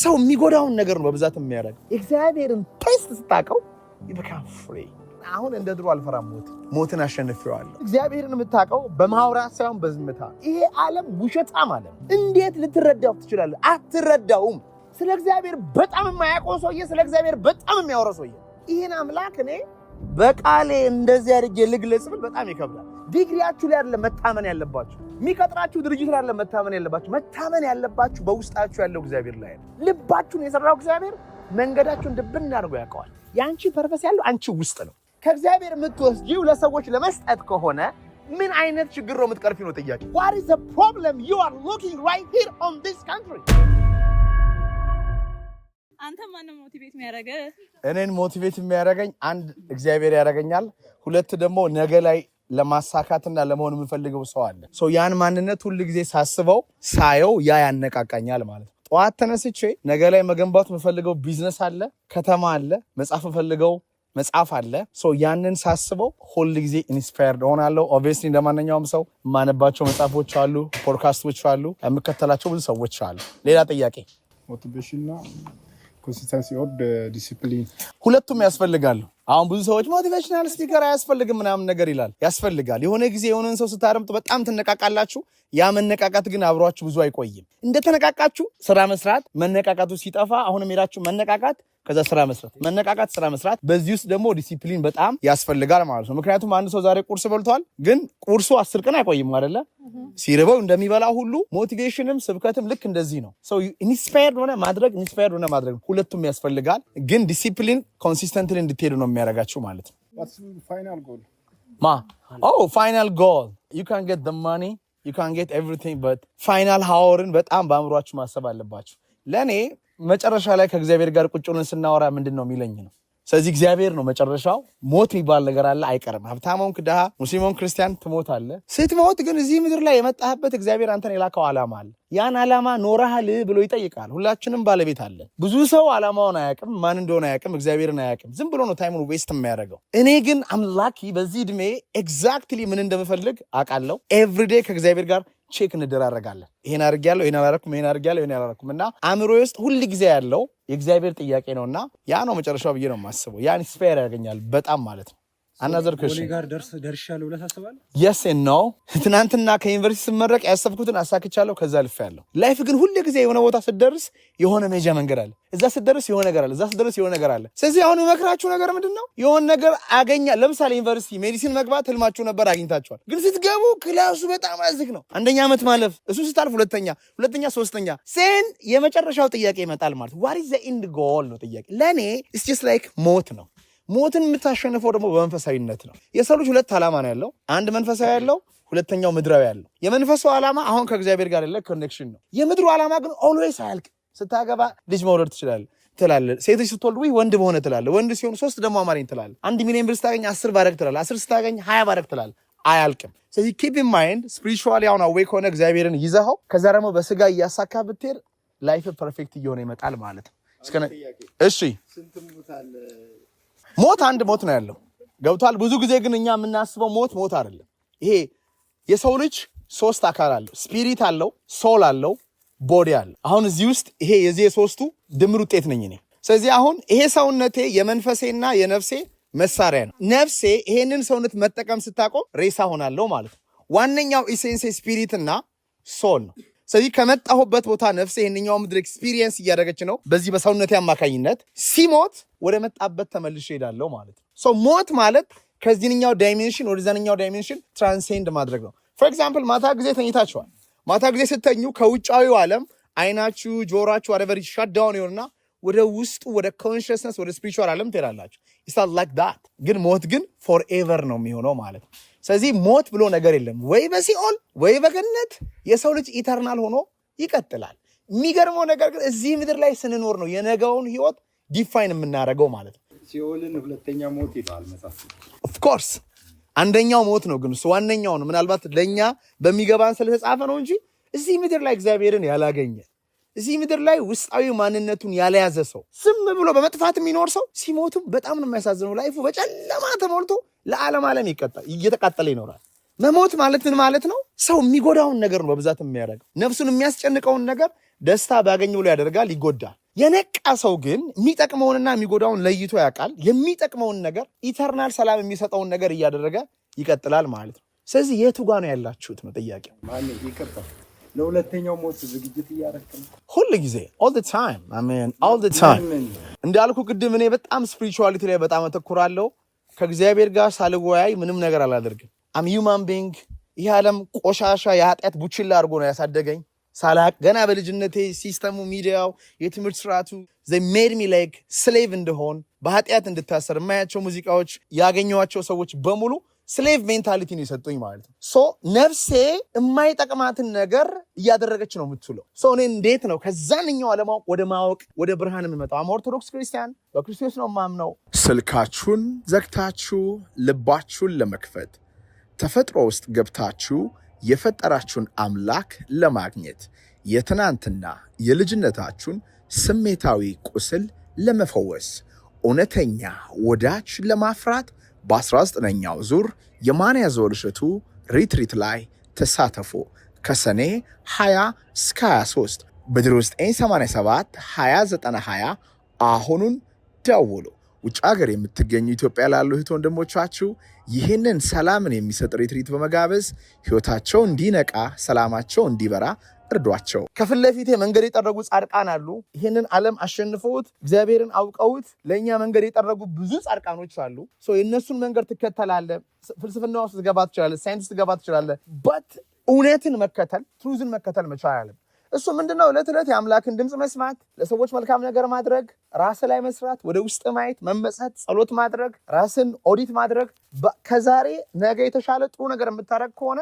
ሰው የሚጎዳውን ነገር ነው በብዛት የሚያደርግ። እግዚአብሔርን ቴስት ስታውቀው ይበካም ፍሬ። አሁን እንደ ድሮ አልፈራም፣ ሞት ሞትን አሸንፌዋለሁ። እግዚአብሔርን የምታውቀው በማውራት ሳይሆን በዝምታ። ይሄ ዓለም ውሸጣም ዓለም እንዴት ልትረዳው ትችላለህ? አትረዳውም። ስለ እግዚአብሔር በጣም የማያውቀው ሰውዬ ስለ እግዚአብሔር በጣም የሚያወረ ሰውዬ፣ ይህን አምላክ እኔ በቃሌ እንደዚህ አድርጌ ልግለጽ ብል በጣም ይከብዳል። ዲግሪያችሁ ላይ አይደለም መታመን ያለባችሁ። የሚቀጥራችሁ ድርጅት ላይ አይደለም መታመን ያለባችሁ። መታመን ያለባችሁ በውስጣችሁ ያለው እግዚአብሔር ላይ ነው። ልባችሁን የሰራው እግዚአብሔር መንገዳችሁን ድብን አድርጎ ያውቀዋል። የአንቺ ፐርፐስ ያለው አንቺ ውስጥ ነው። ከእግዚአብሔር የምትወስጂው ለሰዎች ለመስጠት ከሆነ ምን አይነት ችግር ነው የምትቀርፊ ነው ጥያቄ። ዋት ኢዝ ዘ ፕሮብለም ዩ አር ሎኪንግ ራይት ሂር ኦን ዲስ ካንትሪ አንተ ማን ሞቲቬት የሚያደርገህ? እኔን ሞቲቬት የሚያደርገኝ አንድ እግዚአብሔር ያደርገኛል፣ ሁለት ደግሞ ነገ ላይ ለማሳካትና ለመሆን የምፈልገው ሰው አለ። ያን ማንነት ሁል ጊዜ ሳስበው ሳየው ያ ያነቃቃኛል ማለት ነው። ጠዋት ተነስቼ ነገ ላይ መገንባት የምፈልገው ቢዝነስ አለ፣ ከተማ አለ፣ መጽሐፍ የምፈልገው መጽሐፍ አለ። ያንን ሳስበው ሁል ጊዜ ኢንስፓየርድ ሆናለሁ። ኦብቪየስሊ እንደማንኛውም ሰው የማነባቸው መጽሐፎች አሉ፣ ፖድካስቶች አሉ፣ የምከተላቸው ብዙ ሰዎች አሉ። ሌላ ጥያቄ ሞቲቬሽንና ኮንሲስተንሲ ኦፍ ዲሲፕሊን ሁለቱም ያስፈልጋሉ። አሁን ብዙ ሰዎች ሞቲቬሽናል ስፒከር አያስፈልግም ምናምን ነገር ይላል። ያስፈልጋል። የሆነ ጊዜ የሆነን ሰው ስታረምጡ በጣም ትነቃቃላችሁ። ያ መነቃቃት ግን አብሯችሁ ብዙ አይቆይም። እንደተነቃቃችሁ ስራ መስራት፣ መነቃቃቱ ሲጠፋ አሁንም ሄዳችሁ መነቃቃት ከዛ ስራ መስራት፣ መነቃቃት፣ ስራ መስራት። በዚህ ውስጥ ደግሞ ዲሲፕሊን በጣም ያስፈልጋል ማለት ነው። ምክንያቱም አንድ ሰው ዛሬ ቁርስ በልቷል፣ ግን ቁርሱ አስር ቀን አይቆይም አይደለ? ሲርበው እንደሚበላ ሁሉ ሞቲቬሽንም ስብከትም ልክ እንደዚህ ነው። ሰው ኢንስፓየርድ ሆነ ማድረግ ኢንስፓየርድ ሆነ ማድረግ ሁለቱም ያስፈልጋል፣ ግን ዲሲፕሊን ኮንሲስተንትሊ እንድትሄዱ ነው የሚያደርጋችሁ ማለት ነው። ማ ፋይናል ጎል ዩ ካን ጌት ማኒ ዩ ካን ጌት ኤቭሪቲንግ በት ፋይናል ሀወርን በጣም በአእምሯችሁ ማሰብ አለባችሁ። ለእኔ መጨረሻ ላይ ከእግዚአብሔር ጋር ቁጭ ብለን ስናወራ ምንድን ነው የሚለኝ ነው። ስለዚህ እግዚአብሔር ነው መጨረሻው። ሞት የሚባል ነገር አለ አይቀርም። ሀብታሞንክ፣ ድሀ፣ ሙስሊሞን፣ ክርስቲያን ትሞት አለ። ስትሞት ግን እዚህ ምድር ላይ የመጣህበት እግዚአብሔር አንተን የላከው ዓላማ አለ። ያን ዓላማ ኖረሃል ብሎ ይጠይቃል። ሁላችንም ባለቤት አለን። ብዙ ሰው ዓላማውን አያውቅም፣ ማን እንደሆነ አያውቅም፣ እግዚአብሔርን አያውቅም። ዝም ብሎ ነው ታይሙን ዌስት የሚያደርገው። እኔ ግን አምላኪ በዚህ ዕድሜ ኤግዛክትሊ ምን እንደምፈልግ አውቃለሁ። ኤቭሪዴ ከእግዚአብሔር ጋር ቼክ እንደራረጋለን። ይሄን አድርጌያለሁ፣ ይሄን አላረኩም፣ ይሄን አድርጌያለሁ፣ ይሄን አላረኩም እና አእምሮ ውስጥ ሁል ጊዜ ያለው የእግዚአብሔር ጥያቄ ነውና ያ ነው መጨረሻው ብዬ ነው የማስበው። ያን ስፌር ያገኛል በጣም ማለት ነው። አናዘር ደርሻለሁ ብለህ ታስባለህ? የስ ነው። ትናንትና ከዩኒቨርሲቲ ስመረቅ ያሰብኩትን አሳክቻለሁ። ከዛ ልፍ ያለው ላይፍ ግን ሁሌ ጊዜ የሆነ ቦታ ስደርስ የሆነ መሄጃ መንገድ አለ። እዛ ስደርስ የሆነ ነገር አለ። እዛ ስደርስ የሆነ ነገር አለ። ስለዚህ አሁን የመክራችሁ ነገር ምንድን ነው የሆነ ነገር አገኛ ለምሳሌ ዩኒቨርሲቲ ሜዲሲን መግባት ህልማችሁ ነበር፣ አግኝታችኋል። ግን ስትገቡ ክላሱ በጣም አዝግ ነው። አንደኛ ዓመት ማለፍ እሱ ስታልፍ ሁለተኛ ሁለተኛ ሶስተኛ ሴን የመጨረሻው ጥያቄ ይመጣል ማለት ዋት ዘ ኢንድ ጎል ነው ጥያቄ ለእኔ ኢትስ ጀስት ላይክ ሞት ነው ሞትን የምታሸንፈው ደግሞ በመንፈሳዊነት ነው። የሰው ልጅ ሁለት ዓላማ ነው ያለው፣ አንድ መንፈሳዊ ያለው፣ ሁለተኛው ምድራዊ ያለው። የመንፈሱ ዓላማ አሁን ከእግዚአብሔር ጋር ያለ ኮኔክሽን ነው። የምድሩ ዓላማ ግን ኦልዌይስ አያልቅ። ስታገባ ልጅ መውለድ ትችላለህ ትላለ ሴት ልጅ ስትወልድ ወይ ወንድ በሆነ ትላለ። ወንድ ሲሆን ሶስት ደግሞ አማሪን ትላለ። አንድ ሚሊዮን ብር ስታገኝ አስር ባረግ ትላለ። አስር ስታገኝ ሀያ ባረግ ትላለ። አያልቅም። ስለዚህ ኪፕ ኢን ማይንድ ስፒሪቹዋሊ አሁን አዌክ ሆነ እግዚአብሔርን ይዘኸው ከዛ ደግሞ በስጋ እያሳካ ብትሄድ ላይፍ ፐርፌክት እየሆነ ይመጣል ማለት ነው። እሺ ሞት አንድ ሞት ነው ያለው ገብቷል። ብዙ ጊዜ ግን እኛ የምናስበው ሞት ሞት አይደለም። ይሄ የሰው ልጅ ሶስት አካል አለው። ስፒሪት አለው፣ ሶል አለው፣ ቦዲ አለው። አሁን እዚህ ውስጥ ይሄ የዚህ የሶስቱ ድምር ውጤት ነኝ እኔ። ስለዚህ አሁን ይሄ ሰውነቴ የመንፈሴና የነፍሴ መሳሪያ ነው። ነፍሴ ይሄንን ሰውነት መጠቀም ስታቆም ሬሳ ሆናለሁ ማለት ነው። ዋነኛው ኢሴንሴ ስፒሪትና ሶል ነው። ስለዚህ ከመጣሁበት ቦታ ነፍሴ ይህንኛው ምድር ኤክስፒሪየንስ እያደረገች ነው። በዚህ በሰውነቴ አማካኝነት ሲሞት ወደ መጣበት ተመልሼ ሄዳለሁ ማለት ነው። ሞት ማለት ከዚህኛው ዳይሜንሽን ወደዛኛው ዳይሜንሽን ትራንሴንድ ማድረግ ነው። ፎር ኤግዛምፕል ማታ ጊዜ ተኝታችኋል። ማታ ጊዜ ስተኙ ከውጫዊው ዓለም አይናችሁ፣ ጆሯችሁ፣ ወደቨር ሻዳውን ይሆንና ወደ ውስጡ ወደ ኮንሽስነስ ወደ ስፒሪቹዋል አለም ትሄዳላችሁ። ኢሳ ላክ ዳት ግን ሞት ግን ፎርኤቨር ነው የሚሆነው ማለት ነው። ስለዚህ ሞት ብሎ ነገር የለም ወይ በሲኦል ወይ በገነት የሰው ልጅ ኢተርናል ሆኖ ይቀጥላል። የሚገርመው ነገር ግን እዚህ ምድር ላይ ስንኖር ነው የነገውን ህይወት ዲፋይን የምናደርገው ማለት ነው። ሲኦልን ሁለተኛ ሞት ይለዋል መጽሐፍ። ኦፍኮርስ አንደኛው ሞት ነው፣ ግን እሱ ዋነኛው ነው። ምናልባት ለእኛ በሚገባን ስለተጻፈ ነው እንጂ እዚህ ምድር ላይ እግዚአብሔርን ያላገኘ እዚህ ምድር ላይ ውስጣዊ ማንነቱን ያለያዘ ሰው ዝም ብሎ በመጥፋት የሚኖር ሰው ሲሞቱም በጣም ነው የሚያሳዝነው። ላይፉ በጨለማ ተሞልቶ ለዓለም ዓለም እየተቃጠለ ይኖራል። መሞት ማለት ምን ማለት ነው? ሰው የሚጎዳውን ነገር ነው በብዛት የሚያደርገው። ነፍሱን የሚያስጨንቀውን ነገር ደስታ ባገኘው ላይ ያደርጋል፣ ይጎዳል። የነቃ ሰው ግን የሚጠቅመውንና የሚጎዳውን ለይቶ ያውቃል። የሚጠቅመውን ነገር ኢተርናል ሰላም የሚሰጠውን ነገር እያደረገ ይቀጥላል ማለት ነው። ስለዚህ የቱ ጋ ነው ያላችሁት ነው ጥያቄው። ለሁለተኛው ሞት ዝግጅት ነው። ሁል ጊዜ ኦል ዘ ታይም አይ ሚን ኦል ዘ ታይም እንዳልኩ ቅድም እኔ በጣም ስፕሪቹዋሊቲ ላይ በጣም አተኩራለሁ። ከእግዚአብሔር ጋር ሳልወያይ ምንም ነገር አላደርግም። አም ሂውማን ቢንግ ይህ ዓለም ቆሻሻ የኃጢአት ቡችላ አድርጎ ነው ያሳደገኝ። ሳላቅ ገና በልጅነቴ ሲስተሙ፣ ሚዲያው፣ የትምህርት ስርዓቱ ዘይ ሜድ ሚ ላይክ ስሌቭ እንደሆን በኃጢአት እንድታሰር የማያቸው ሙዚቃዎች ያገኘዋቸው ሰዎች በሙሉ ስሌቭ ሜንታሊቲ ነው የሰጡኝ ማለት ነው። ሶ ነፍሴ የማይጠቅማትን ነገር እያደረገች ነው የምትውለው። ሶ እኔ እንዴት ነው ከዛንኛው አለማወቅ ወደ ማወቅ ወደ ብርሃን የምመጣው? አም ኦርቶዶክስ ክርስቲያን በክርስቶስ ነው የማምነው። ስልካችሁን ዘግታችሁ ልባችሁን ለመክፈት ተፈጥሮ ውስጥ ገብታችሁ የፈጠራችሁን አምላክ ለማግኘት የትናንትና የልጅነታችሁን ስሜታዊ ቁስል ለመፈወስ እውነተኛ ወዳጅ ለማፍራት በ19ኛው ዙር የማን ያዘወርቅ እሸቱ ሪትሪት ላይ ተሳተፉ። ከሰኔ 20 እስከ 23 ውስጥ 87 2920 አሁኑን ደውሉ። ውጭ ሀገር የምትገኙ ኢትዮጵያ ላሉ እህት ወንድሞቻችሁ ይህንን ሰላምን የሚሰጥ ሪትሪት በመጋበዝ ህይወታቸው እንዲነቃ፣ ሰላማቸው እንዲበራ እርዷቸው። ከፊት ለፊቴ መንገድ የጠረጉ ጻድቃን አሉ። ይህንን ዓለም አሸንፈውት እግዚአብሔርን አውቀውት ለእኛ መንገድ የጠረጉ ብዙ ጻድቃኖች አሉ። የእነሱን መንገድ ትከተላለ። ፍልስፍና ውስጥ ትገባ ትችላለ። ሳይንስ ትገባ ትችላለ። በት እውነትን መከተል ትሩዝን መከተል መቻል አለም እሱ ምንድነው? ዕለት ዕለት የአምላክን ድምፅ መስማት፣ ለሰዎች መልካም ነገር ማድረግ፣ ራስ ላይ መስራት፣ ወደ ውስጥ ማየት፣ መመጸት፣ ጸሎት ማድረግ፣ ራስን ኦዲት ማድረግ። ከዛሬ ነገ የተሻለ ጥሩ ነገር የምታደረግ ከሆነ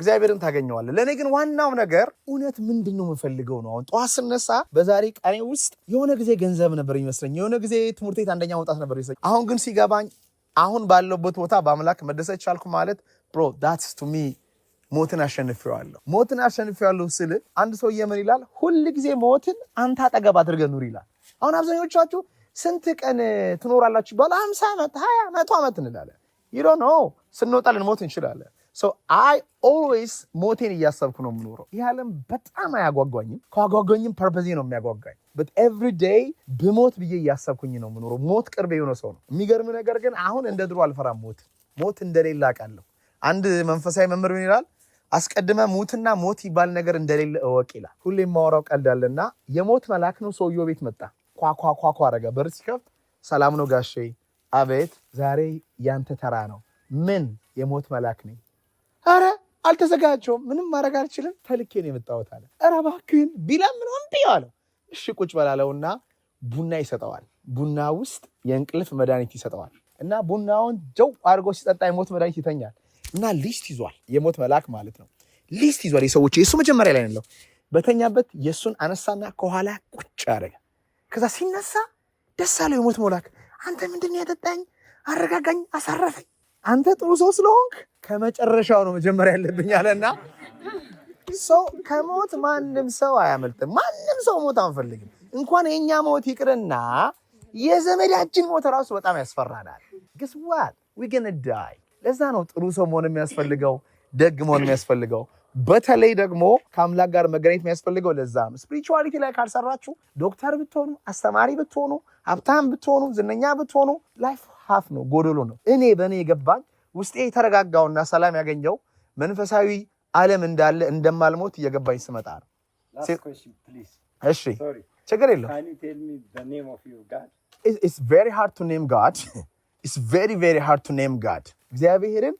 እግዚአብሔርን ታገኘዋለ ለእኔ ግን ዋናው ነገር እውነት ምንድን ነው የምፈልገው ነው። አሁን ጠዋት ስነሳ በዛሬ ቀኔ ውስጥ የሆነ ጊዜ ገንዘብ ነበር ይመስለኝ፣ የሆነ ጊዜ ትምህርት ቤት አንደኛ መውጣት ነበር ይመስለኝ። አሁን ግን ሲገባኝ አሁን ባለበት ቦታ በአምላክ መደሰት ቻልኩ ማለት ብሮ ዳትስ ቱ ሚ ሞትን አሸንፌዋለሁ። ሞትን አሸንፌዋለሁ ስል አንድ ሰውዬ ምን ይላል? ሁል ጊዜ ሞትን አንተ አጠገብ አድርገ ኑር ይላል። አሁን አብዛኞቻችሁ ስንት ቀን ትኖራላችሁ ይባላል፣ ሀምሳ ዓመት ሀያ መቶ ዓመት እንላለን። ይሮ ነው ስንወጣልን ሞት እንችላለን አይ ኦልዌይስ ሞቴን እያሰብኩ ነው የምኖረው። ይህ ዓለም በጣም አያጓጓኝም። ከጓጓኝም ፐርፐዜ ነው የሚያጓጓኝ። በት ኤቭሪ ዴይ ብሞት ብዬ እያሰብኩኝ ነው የምኖረው። ሞት ቅርብ የሆነ ሰው ነው። የሚገርም ነገር ግን አሁን እንደ ድሮ አልፈራም። ሞት ሞት እንደሌለ አውቃለሁ። አንድ መንፈሳዊ መምህር ምን ይላል? አስቀድመ ሙትና ሞት ይባል ነገር እንደሌለ እወቅ ይላል። ሁሌ የማወራው ቀልድ የሞት መልአክ ነው ሰውየው ቤት መጣ። ኳኳኳኳ አረገ። በር ሲከፍት ሰላም ነው ጋሼ። አቤት ዛሬ ያንተ ተራ ነው። ምን የሞት መልአክ ነኝ አረ አልተዘጋጀውም፣ ምንም ማድረግ አልችልም፣ ተልኬን ነው የመጣሁት አለ። ኧረ እባክህን ቢለምነው እምቢ አለው። እሺ ቁጭ በላለውና ቡና ይሰጠዋል። ቡና ውስጥ የእንቅልፍ መድኃኒት ይሰጠዋል እና ቡናውን ጀው አድርጎ ሲጠጣ የሞት መድኃኒት ይተኛል እና ሊስት ይዟል። የሞት መልአክ ማለት ነው። ሊስት ይዟል የሰዎች የእሱ መጀመሪያ ላይ ያለው በተኛበት የእሱን አነሳና ከኋላ ቁጭ አደረገ። ከዛ ሲነሳ ደስ አለው የሞት መልአክ አንተ ምንድን ያጠጣኝ አረጋጋኝ፣ አሳረፈኝ አንተ ጥሩ ሰው ስለሆንክ ከመጨረሻው ነው መጀመሪያ ያለብኝ አለና ሰው ከሞት ማንም ሰው አያመልጥም። ማንም ሰው ሞት አንፈልግም። እንኳን የእኛ ሞት ይቅርና የዘመዳችን ሞት ራሱ በጣም ያስፈራናል። ግስዋል ዊገን ዳይ። ለዛ ነው ጥሩ ሰው መሆን የሚያስፈልገው፣ ደግ መሆን የሚያስፈልገው፣ በተለይ ደግሞ ከአምላክ ጋር መገናኘት የሚያስፈልገው። ለዛ ነው ስፒሪቹዋሊቲ ላይ ካልሰራችሁ ዶክተር ብትሆኑ፣ አስተማሪ ብትሆኑ፣ ሀብታም ብትሆኑ፣ ዝነኛ ብትሆኑ ላይፍ ሀፍ ነው፣ ጎደሎ ነው። እኔ በእኔ የገባኝ ውስጤ የተረጋጋውና ሰላም ያገኘው መንፈሳዊ ዓለም እንዳለ እንደማልሞት እየገባኝ ስመጣ ነው። እሺ፣ ችግር የለው። እግዚአብሔርን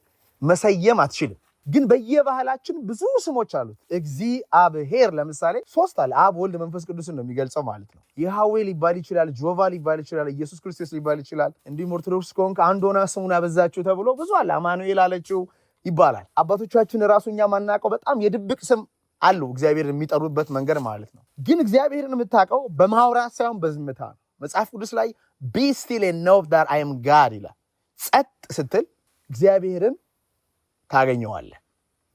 መሰየም አትችልም። ግን በየባህላችን ብዙ ስሞች አሉት። እግዚአብሔር ለምሳሌ ሶስት አለ። አብ፣ ወልድ፣ መንፈስ ቅዱስን ነው የሚገልጸው ማለት ነው። የሃዌ ሊባል ይችላል፣ ጆቫ ሊባል ይችላል፣ ኢየሱስ ክርስቶስ ሊባል ይችላል። እንዲሁም ኦርቶዶክስ ከሆንክ አንድ ሆና ስሙን አበዛችሁ ተብሎ ብዙ አለ። አማኑኤል አለችው ይባላል። አባቶቻችን ራሱ እኛ ማናውቀው በጣም የድብቅ ስም አሉ እግዚአብሔር የሚጠሩበት መንገድ ማለት ነው። ግን እግዚአብሔርን የምታውቀው በማውራት ሳይሆን በዝምታ ነው። መጽሐፍ ቅዱስ ላይ ቢ ስቲል ኖው አይ አም ጋድ ይላል። ጸጥ ስትል እግዚአብሔርን ታገኘዋለህ።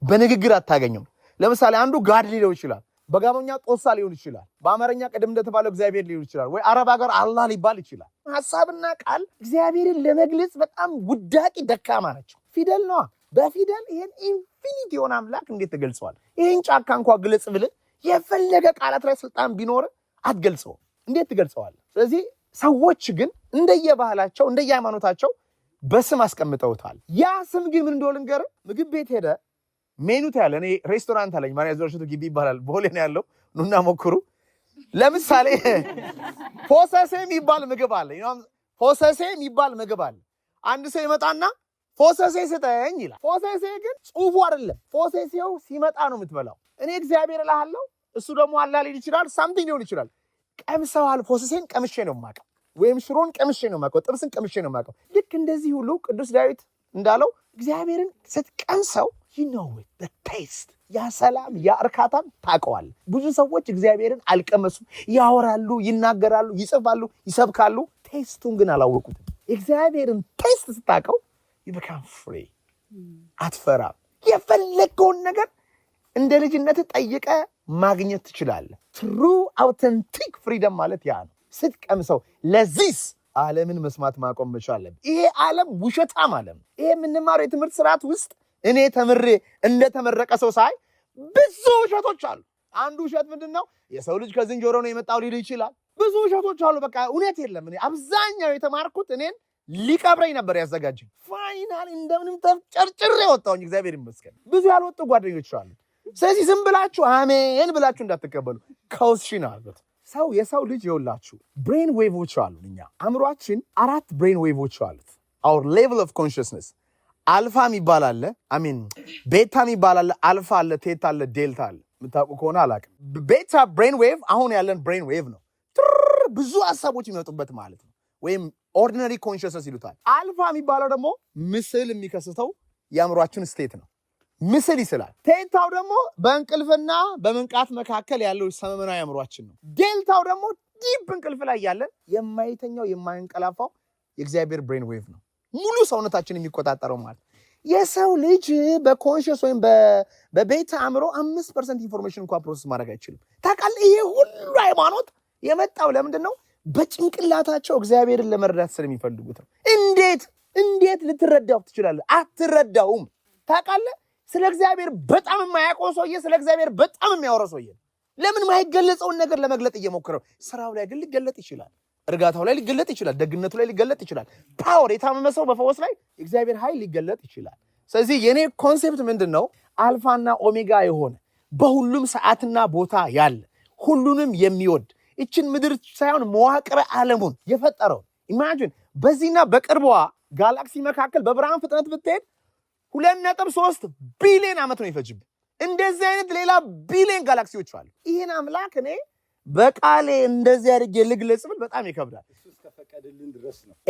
በንግግር አታገኘውም። ለምሳሌ አንዱ ጋድ ሊለው ይችላል። በጋሞኛ ጦሳ ሊሆን ይችላል። በአማርኛ ቅድም እንደተባለው እግዚአብሔር ሊሆን ይችላል። ወይ አረብ ሀገር አላህ ሊባል ይችላል። ሀሳብና ቃል እግዚአብሔርን ለመግለጽ በጣም ውዳቂ ደካማ ናቸው። ፊደል ነዋ። በፊደል ይህን ኢንፊኒት የሆነ አምላክ እንዴት ትገልጸዋል? ይህን ጫካ እንኳ ግለጽ ብልህ የፈለገ ቃላት ላይ ስልጣን ቢኖር አትገልጸውም። እንዴት ትገልጸዋል? ስለዚህ ሰዎች ግን እንደየባህላቸው እንደየሃይማኖታቸው በስም አስቀምጠውታል። ያ ስም ግን ምን እንደሆነ ልንገርህ። ምግብ ቤት ሄደ ሜኑ ታያለ። እኔ ሬስቶራንት አለኝ ማርያ ዘወርሽቱ ግቢ ይባላል። ቦሌ ነው ያለው። ኑና ሞክሩ። ለምሳሌ ፎሰሴ የሚባል ምግብ አለ። ፎሰሴ የሚባል ምግብ አለ። አንድ ሰው ይመጣና ፎሰሴ ስጠኝ ይላል። ፎሰሴ ግን ጽሁፉ አይደለም። ፎሰሴው ሲመጣ ነው የምትበላው። እኔ እግዚአብሔር እልሃለሁ፣ እሱ ደግሞ አላ ሊል ይችላል፣ ሳምቲንግ ሊሆን ይችላል። ቀምሰዋል። ፎሰሴን ቀምሼ ነው የማውቀው ወይም ሽሮን ቀምሼ ነው የማውቀው፣ ጥብስን ቀምሼ ነው የማውቀው። ልክ እንደዚህ ሁሉ ቅዱስ ዳዊት እንዳለው እግዚአብሔርን ስትቀምሰው ይነው ቴስት ያ ሰላም ያ እርካታም ታውቀዋል። ብዙ ሰዎች እግዚአብሔርን አልቀመሱም። ያወራሉ፣ ይናገራሉ፣ ይጽፋሉ፣ ይሰብካሉ፣ ቴስቱን ግን አላወቁትም። እግዚአብሔርን ቴስት ስታውቀው ይበካም ፍሬ አትፈራም። የፈለገውን ነገር እንደ ልጅነት ጠይቀ ማግኘት ትችላለህ። ትሩ አውተንቲክ ፍሪደም ማለት ያ ነው። ስትቀምሰው ለዚስ ዓለምን መስማት ማቆም መቻል አለብን። ይሄ ዓለም ውሸታም ዓለም። ይሄ የምንማረው የትምህርት ስርዓት ውስጥ እኔ ተምሬ እንደተመረቀ ሰው ሳይ ብዙ ውሸቶች አሉ። አንዱ ውሸት ምንድን ነው? የሰው ልጅ ከዝንጀሮ ነው የመጣው ሊል ይችላል። ብዙ ውሸቶች አሉ። በቃ እውነት የለም። እኔ አብዛኛው የተማርኩት እኔን ሊቀብረኝ ነበር ያዘጋጀኝ። ፋይናል እንደምንም ተጨርጭር ወጣሁኝ። እግዚአብሔር ይመስገን። ብዙ ያልወጡ ጓደኞች አሉ። ስለዚህ ዝም ብላችሁ አሜን ብላችሁ እንዳትቀበሉ ከውስሽ ነው ሰው የሰው ልጅ የውላችሁ ብሬን ዌቮች አሉ። እኛ አእምሯችን አራት ብሬን ዌቮች አሉት። አውር ሌቭል ኦፍ ኮንሽስነስ አልፋ የሚባል አለ፣ አሚን ቤታ የሚባል አለ። አልፋ አለ፣ ቴታ አለ፣ ዴልታ አለ። የምታውቁ ከሆነ አላውቅም። ቤታ ብሬን ዌቭ አሁን ያለን ብሬን ዌቭ ነው። ብዙ ሀሳቦች የሚመጡበት ማለት ነው፣ ወይም ኦርዲነሪ ኮንሽስነስ ይሉታል። አልፋ የሚባለው ደግሞ ምስል የሚከስተው የአእምሯችን ስቴት ነው። ምስል ይስላል። ቴንታው ደግሞ በእንቅልፍና በመንቃት መካከል ያለው ሰመመናዊ አእምሯችን ነው። ዴልታው ደግሞ ዲፕ እንቅልፍ ላይ ያለን የማይተኛው የማይንቀላፋው የእግዚአብሔር ብሬን ዌቭ ነው፣ ሙሉ ሰውነታችን የሚቆጣጠረው ማለት። የሰው ልጅ በኮንሽስ ወይም በቤተ አእምሮ አምስት ፐርሰንት ኢንፎርሜሽን እንኳ ፕሮሰስ ማድረግ አይችልም። ታውቃለህ? ይሄ ሁሉ ሃይማኖት የመጣው ለምንድን ነው? በጭንቅላታቸው እግዚአብሔርን ለመረዳት ስለሚፈልጉት ነው። እንዴት እንዴት ልትረዳው ትችላለህ? አትረዳውም። ታውቃለህ ስለ እግዚአብሔር በጣም የማያውቀው ሰውዬ ስለ እግዚአብሔር በጣም የሚያወራው ሰውዬ ለምን ማይገለጸውን ነገር ለመግለጥ እየሞከረው፣ ስራው ላይ ግን ሊገለጥ ይችላል። እርጋታው ላይ ሊገለጥ ይችላል። ደግነቱ ላይ ሊገለጥ ይችላል። ፓወር የታመመ ሰው በፈወስ ላይ እግዚአብሔር ኃይል ሊገለጥ ይችላል። ስለዚህ የእኔ ኮንሴፕት ምንድን ነው? አልፋና ኦሜጋ የሆነ በሁሉም ሰዓትና ቦታ ያለ ሁሉንም የሚወድ ይችን ምድር ሳይሆን መዋቅረ ዓለሙን የፈጠረው ኢማጂን በዚህና በቅርቧ ጋላክሲ መካከል በብርሃን ፍጥነት ብትሄድ ሁለት ነጥብ ሶስት ቢሊዮን ዓመት ነው ይፈጅብን። እንደዚህ አይነት ሌላ ቢሊዮን ጋላክሲዎች አሉ። ይህን አምላክ እኔ በቃሌ እንደዚህ አድርጌ ልግለጽ ብል በጣም ይከብዳል።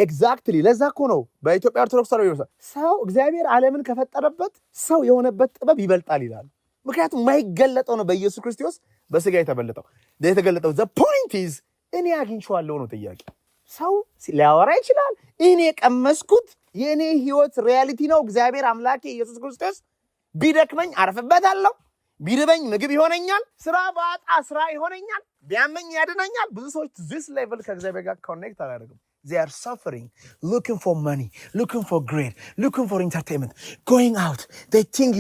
ኤግዛክትሊ ለዛ እኮ ነው በኢትዮጵያ ኦርቶዶክስ ተዋሕዶ ሰው እግዚአብሔር ዓለምን ከፈጠረበት ሰው የሆነበት ጥበብ ይበልጣል ይላሉ። ምክንያቱም የማይገለጠው ነው በኢየሱስ ክርስቶስ በስጋ የተበለጠው የተገለጠው። ዘ ፖይንት ኢዝ እኔ አግኝቼዋለሁ ነው ጥያቄ። ሰው ሊያወራ ይችላል። እኔ የቀመስኩት የእኔ ህይወት ሪያሊቲ ነው። እግዚአብሔር አምላኬ ኢየሱስ ክርስቶስ ቢደክመኝ አርፍበታለሁ፣ ቢርበኝ ምግብ ይሆነኛል፣ ስራ በአጣ ስራ ይሆነኛል፣ ቢያመኝ ያድነኛል። ብዙ ሰዎች ዚስ ሌቭል ከእግዚአብሔር ጋር ኮኔክት አላደርግም። they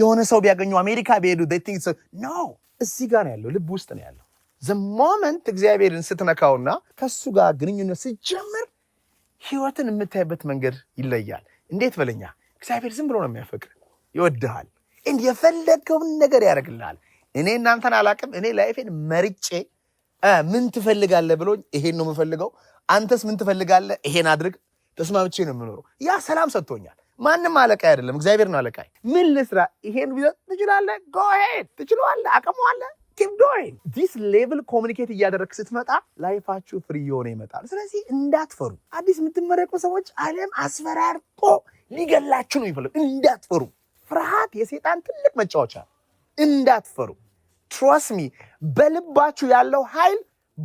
የሆነ ሰው ቢያገኙ አሜሪካ ቢሄዱ they think እዚህ ጋር ነው ያለው ልብ ውስጥ ነው ያለው the እግዚአብሔርን ስትነካውና ከሱ ጋር ግንኙነት ሲጀምር ህይወትን የምታይበት መንገድ ይለያል። እንዴት በለኛ እግዚአብሔር ዝም ብሎ ነው የሚያፈቅር ይወድሃል፣ እንድ የፈለገውን ነገር ያደርግልሃል። እኔ እናንተን አላቅም። እኔ ላይፌን መርጬ ምን ትፈልጋለህ ብሎኝ ይሄን ነው የምፈልገው፣ አንተስ ምን ትፈልጋለህ? ይሄን አድርግ፣ ተስማምቼ ነው የምኖረው። ያ ሰላም ሰጥቶኛል። ማንም አለቃይ አይደለም፣ እግዚአብሔር ነው አለቃይ። ምን ልስራ? ይሄን ትችላለህ፣ ጎሄድ፣ ትችለዋለህ፣ ኪፕ ዶይንግ ዲስ ሌቭል ኮሚኒኬት እያደረግ ስትመጣ ላይፋችሁ ፍሪ የሆነ ይመጣል። ስለዚህ እንዳትፈሩ። አዲስ የምትመረቁ ሰዎች ዓለም አስፈራርጦ ሊገላችሁ ነው የሚፈልግ። እንዳትፈሩ። ፍርሃት የሴጣን ትልቅ መጫወቻ። እንዳትፈሩ። ትሮስ ሚ በልባችሁ ያለው ኃይል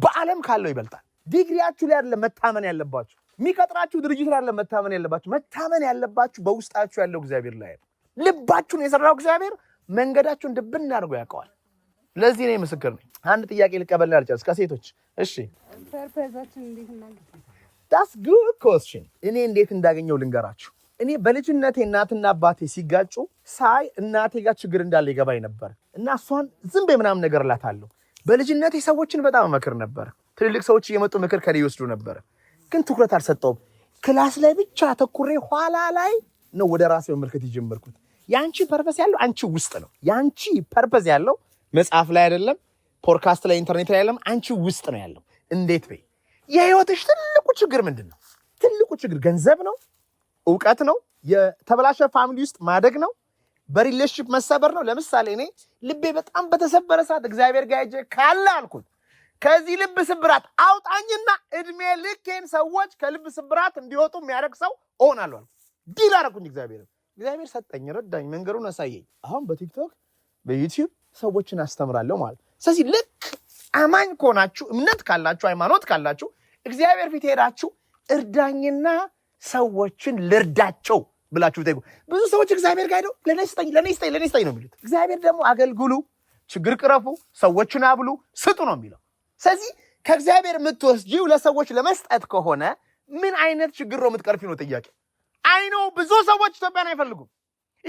በዓለም ካለው ይበልጣል። ዲግሪያችሁ ላይ አይደለም መታመን ያለባችሁ፣ የሚቀጥራችሁ ድርጅት ላይ አይደለም መታመን ያለባችሁ። መታመን ያለባችሁ በውስጣችሁ ያለው እግዚአብሔር ላይ ነው። ልባችሁን የሰራው እግዚአብሔር መንገዳችሁን ድብን አድርጎ ያውቀዋል። ለዚህ እኔ ምስክር ነኝ። አንድ ጥያቄ ልቀበል አልቻልኩም። ከሴቶች እሺ፣ ዳስ ጉድ ኮስችን እኔ እንዴት እንዳገኘው ልንገራችሁ። እኔ በልጅነቴ እናትና አባቴ ሲጋጩ ሳይ እናቴ ጋር ችግር እንዳለ ይገባኝ ነበር እና እሷን ዝም በይ ምናምን ነገር እላታለሁ። በልጅነቴ ሰዎችን በጣም እመክር ነበር። ትልልቅ ሰዎች እየመጡ ምክር ከኔ ይወስዱ ነበር፣ ግን ትኩረት አልሰጠውም። ክላስ ላይ ብቻ ተኩሬ ኋላ ላይ ነው ወደ ራሴ መመልከት የጀመርኩት። የአንቺ ፐርፐስ ያለው አንቺ ውስጥ ነው። የአንቺ ፐርፐስ ያለው መጽሐፍ ላይ አይደለም፣ ፖድካስት ላይ፣ ኢንተርኔት ላይ አይደለም፣ አንቺ ውስጥ ነው ያለው። እንዴት በይ። የህይወትሽ ትልቁ ችግር ምንድን ነው? ትልቁ ችግር ገንዘብ ነው? እውቀት ነው? የተበላሸ ፋሚሊ ውስጥ ማደግ ነው? በሪሌሽንሽፕ መሰበር ነው? ለምሳሌ እኔ ልቤ በጣም በተሰበረ ሰዓት እግዚአብሔር ጋር ሄጄ ካለ አልኩት ከዚህ ልብ ስብራት አውጣኝና እድሜ ልኬን ሰዎች ከልብ ስብራት እንዲወጡ የሚያደርግ ሰው እሆናለሁ አልኩት። ዲል አደረኩኝ። እግዚአብሔር እግዚአብሔር ሰጠኝ፣ ረዳኝ፣ መንገዱን አሳየኝ። አሁን በቲክቶክ በዩቲዩብ ሰዎችን አስተምራለሁ ማለት። ስለዚህ ልክ አማኝ ከሆናችሁ እምነት ካላችሁ ሃይማኖት ካላችሁ እግዚአብሔር ፊት ሄዳችሁ እርዳኝና ሰዎችን ልርዳቸው ብላችሁ ብታይ ብዙ ሰዎች እግዚአብሔር ጋር ሄደው ለእኔ ስጠኝ፣ ለእኔ ስጠኝ፣ ለእኔ ስጠኝ ነው የሚሉት። እግዚአብሔር ደግሞ አገልግሉ፣ ችግር ቅረፉ፣ ሰዎችን አብሉ፣ ስጡ ነው የሚለው። ስለዚህ ከእግዚአብሔር የምትወስጂው ለሰዎች ለመስጠት ከሆነ ምን አይነት ችግር ነው የምትቀርፊ ነው ጥያቄ። አይ ነው ብዙ ሰዎች ኢትዮጵያን አይፈልጉም።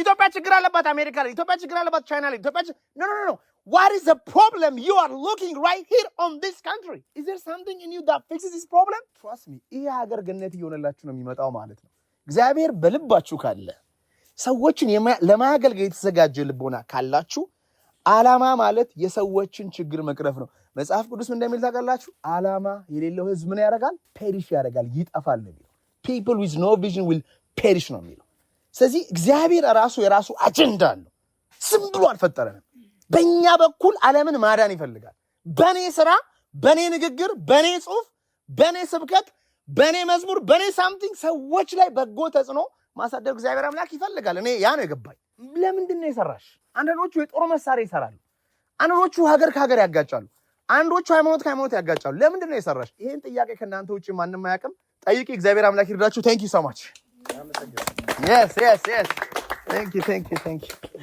ኢትዮጵያ ችግር አለባት፣ አሜሪካ ላይ ኢትዮጵያ ችግር አለባት፣ ቻይና ላይ ኢትዮጵያ ኖ ኖ ኖ ዋት ኢዝ ፕሮብለም ዩ አር ሉኪንግ ራይት ሂር ኦን ዲስ ካንትሪ ኢዝ ዜር ሳምቲንግ ኢን ዩ ዳት ፊክስስ ዲስ ፕሮብለም ትራስት ሚ ይሄ ሀገር ገነት እየሆነላችሁ ነው የሚመጣው ማለት ነው። እግዚአብሔር በልባችሁ ካለ ሰዎችን ለማገልገል የተዘጋጀ ልቦና ካላችሁ ዓላማ ማለት የሰዎችን ችግር መቅረፍ ነው። መጽሐፍ ቅዱስ ምን እንደሚል ታውቃላችሁ? ዓላማ የሌለው ህዝብ ምን ያደርጋል? ፔሪሽ ያደርጋል፣ ይጠፋል ነው የሚለው። ፒፕል ዊዝ ኖ ቪዥን ዊል ፔሪሽ ነው የሚለው ስለዚህ እግዚአብሔር ራሱ የራሱ አጀንዳ አለው። ዝም ብሎ አልፈጠረንም። በእኛ በኩል ዓለምን ማዳን ይፈልጋል። በእኔ ስራ፣ በእኔ ንግግር፣ በእኔ ጽሁፍ፣ በእኔ ስብከት፣ በእኔ መዝሙር፣ በእኔ ሳምቲንግ ሰዎች ላይ በጎ ተጽዕኖ ማሳደር እግዚአብሔር አምላክ ይፈልጋል። እኔ ያ ነው የገባኝ። ለምንድን ነው የሰራሽ? አንዳንዶቹ የጦር መሳሪያ ይሰራሉ። አንዶቹ ሀገር ከሀገር ያጋጫሉ። አንዶቹ ሃይማኖት ከሃይማኖት ያጋጫሉ። ለምንድን ነው የሰራሽ? ይህን ጥያቄ ከእናንተ ውጭ ማንም አያውቅም። ጠይቂ። እግዚአብሔር አምላክ ይርዳችሁ። ታንኪ ዩ ሶ ማች Yes, yes, yes. Thank you, thank you, thank you.